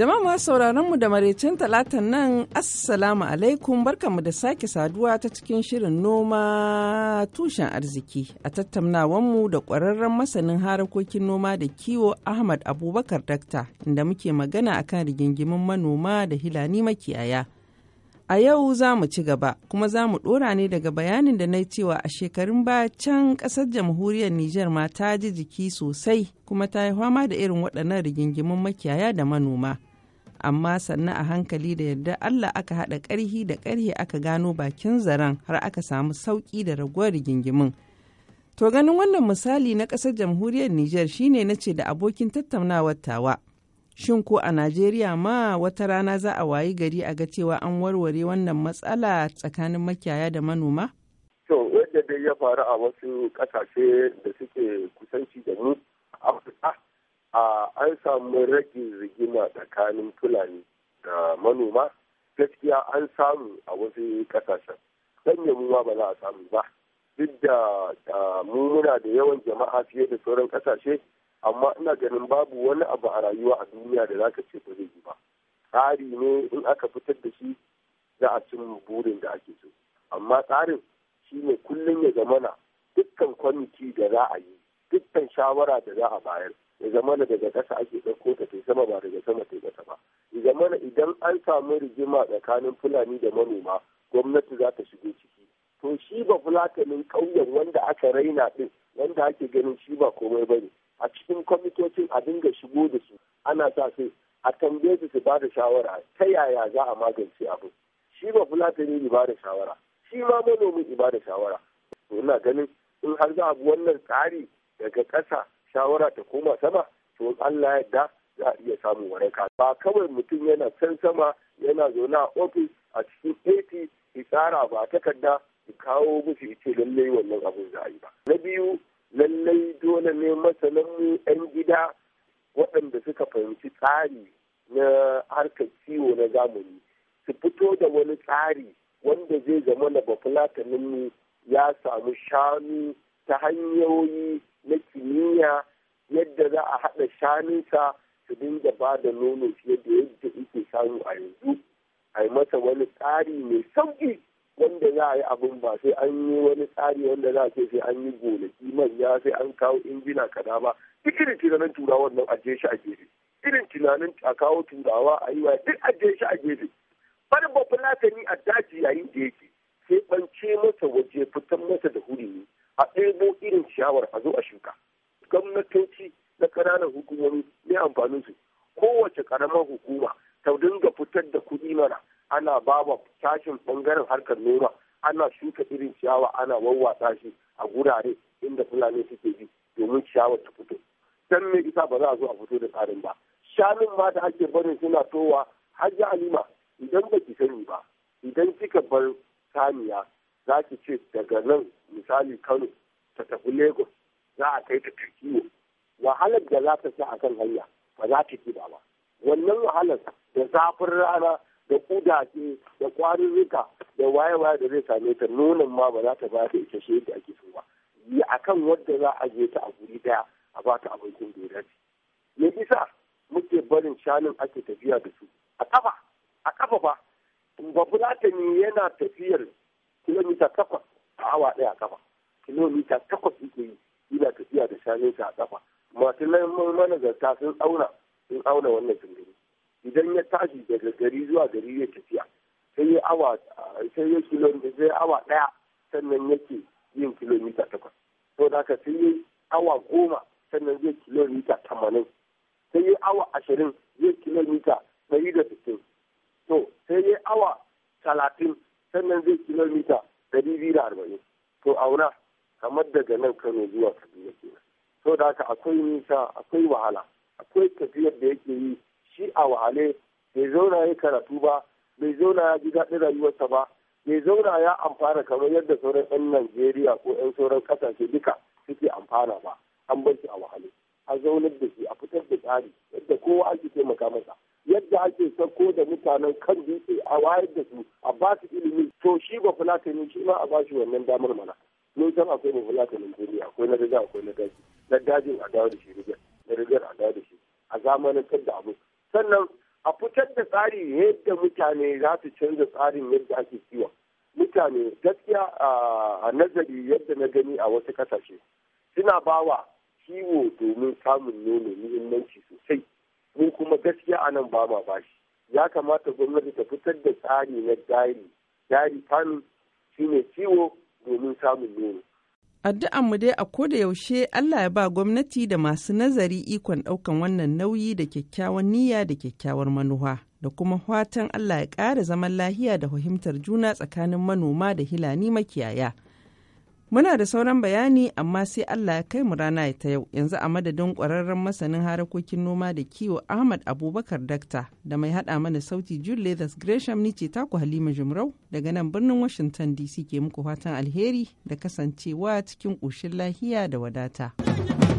Jama'a masu sauraron mu da maraicin talatan nan Assalamu alaikum barkanmu da sake saduwa ta cikin shirin noma tushen arziki a tattaunawanmu da ƙwararren masanin harakokin noma da kiwo Ahmad Abubakar Dakta inda muke magana a kan rigingimin manoma da hilani makiyaya. A yau za mu ci gaba kuma za mu ɗora ne daga bayanin da na yi cewa a shekarun baya can ƙasar jamhuriyar Nijar ma ta ji jiki sosai kuma ta yi fama da irin waɗannan rigingimun makiyaya da manoma. amma sannan a hankali da yadda Allah aka haɗa ƙarhi da ƙarhi aka gano bakin zaren har aka samu sauƙi da raguwar rigingimin. To ganin wannan misali na ƙasar jamhuriyar Nijar shine na ce da abokin tattaunawar tawa. Shin ko a Najeriya ma wata rana za a wayi gari a ga cewa an warware wannan matsala tsakanin makiyaya da manoma? To, wanda dai ya faru a wasu ƙasashe da suke kusanci da mu, Afirka a an samu rage rigima tsakanin fulani da manoma gaskiya an samu a wasu kasashen dan yamu ma ba za a samu ba duk da mu muna da yawan jama'a fiye da sauran kasashe amma ina ganin babu wani abu a rayuwa a duniya da zaka ce ba zai yi ba tsari ne in aka fitar da shi za a cin burin da ake so amma tsarin shi ne kullum ya zamana dukkan kwamiti da za a yi dukkan shawara da za a bayar ya zama daga ƙasa ake ɗauko ta tai sama ba daga sama tai ƙasa ba ya zama idan an samu rigima tsakanin fulani da manoma gwamnati za ta shigo ciki to shi ba fulatanin ƙauyen wanda aka raina ɗin wanda ake ganin shi ba komai ba ne a cikin kwamitocin a dinga shigo da su ana sa su a tambaye su su ba da shawara ta yaya za a magance abu. shi ba fulatani ne ba da shawara shi ma manomin ba da shawara to ina ganin in har za a bi wannan tsari daga ƙasa shawara ta koma sama to Allah ya da za a iya samun waraka ba kawai mutum yana can sama yana zaune a ofis a cikin eti tsara ba takarda ki kawo musu ce lallai wannan abun za a yi ba na biyu lallai dole ne masanan mu yan gida waɗanda suka fahimci tsari na harkar ciwo na zamani su fito da wani tsari wanda zai zama na bafulatanin ya samu shanu ta hanyoyi na kimiyya yadda za a haɗa shanunsa su dinga ba da nono fiye da yadda yake samu a yanzu a yi masa wani tsari mai sauƙi wanda za a yi abin ba sai an yi wani tsari wanda za a ce sai an yi gonaki manya sai an kawo injina kaza ba duk irin tunanin turawa nan je shi a gefe irin tunanin a kawo turawa a yi wa duk je shi a gefe bari babban latani a daji yayin da yake sha'awar a zo a shuka gwamnatoci na ƙananan hukumomi ne amfanin su kowace ƙaramar hukuma ta dinga fitar da kuɗi mana ana ba wa tashin ɓangaren harkar noma ana shuka irin ciyawa ana wawwatsa shi a gurare inda fulani suke bi domin ciyawar ta fito dan me isa ba za a zo a fito da tsarin ba shanun ma da ake barin suna towa hajji alima idan ba ki sani ba idan kika bar saniya za ki ce daga nan misali kano ta tafi Lagos za a kai ta kiwo wahalar da za ta sa a kan hanya ba za ta ba ba wannan wahalar da zafin rana da kudaje da kwarurruka da waye-waye da zai same ta nonon ma ba za ta ba ta ita shi yadda ake so ba yi a kan wadda za a je ta a guri daya a ba ta abincin da ya me isa muke barin shanun ake tafiya da su a kafa a kafa ba babu yana tafiyar kilomita takwas a awa ɗaya kafa kilomita takwas suke yi ina tafiya da shanun sa a kafa masu manazarta sun auna sun auna wannan tungani idan ya tashi daga gari zuwa gari ya tafiya sai ya awa sai ya kilomita sai awa daya sannan yake yin kilomita takwas to da ka sai ya awa goma sannan zai kilomita tamanin sai ya awa ashirin zai kilomita ɗari da sittin to sai ya awa talatin sannan zai kilomita ɗari biyu da arba'in to auna kamar daga nan kano zuwa kaduna kenan so da haka akwai nisa akwai wahala akwai tafiyar da yake yi shi a wahale bai zauna ya karatu ba bai zauna ya ji daɗin rayuwarsa ba bai zauna ya amfana kamar yadda sauran 'yan najeriya ko 'yan sauran ƙasashe duka suke amfana ba an bar shi a wahale a zaunar da shi a fitar da tsari yadda kowa ake taimaka masa yadda ake sauko da mutanen kan dutse a wayar da su a ba su ilimi to shi ba fulatani shi ma a ba shi wannan damar mana san akwai mai fulatanin duniya akwai na daga akwai na daji na dajin a dawo da shi rigar na rigar a dawo da shi a zamanantar da abu sannan a fitar da tsari yadda mutane za su canza tsarin yadda ake kiwa mutane gaskiya a nazari yadda na gani a wasu kasashe suna bawa kiwo domin samun nono muhimmanci sosai mu kuma gaskiya a nan ba ma bashi ya kamata gwamnati ta fitar da tsari na dari dari fanin shine kiwo domin samun nono. Addu'an mu dai a koda yaushe Allah ya ba gwamnati da masu nazari ikon ɗaukan wannan nauyi da kyakkyawan niyya da kyakkyawar manuwa da kuma fatan Allah ya ƙara zaman lahiya da fahimtar juna tsakanin manoma da hilani makiyaya. Muna da sauran bayani amma sai Allah ya kai mu rana ta yau yanzu a madadin ƙwararren masanin harakokin noma da kiwo Ahmad Abubakar Dakta da mai haɗa mana sauti Jude Leathers Gresham ni ce taku Halima Jumrau daga nan birnin Washington DC ke muku fatan alheri da kasancewa cikin ƙoshin lahiya da wadata.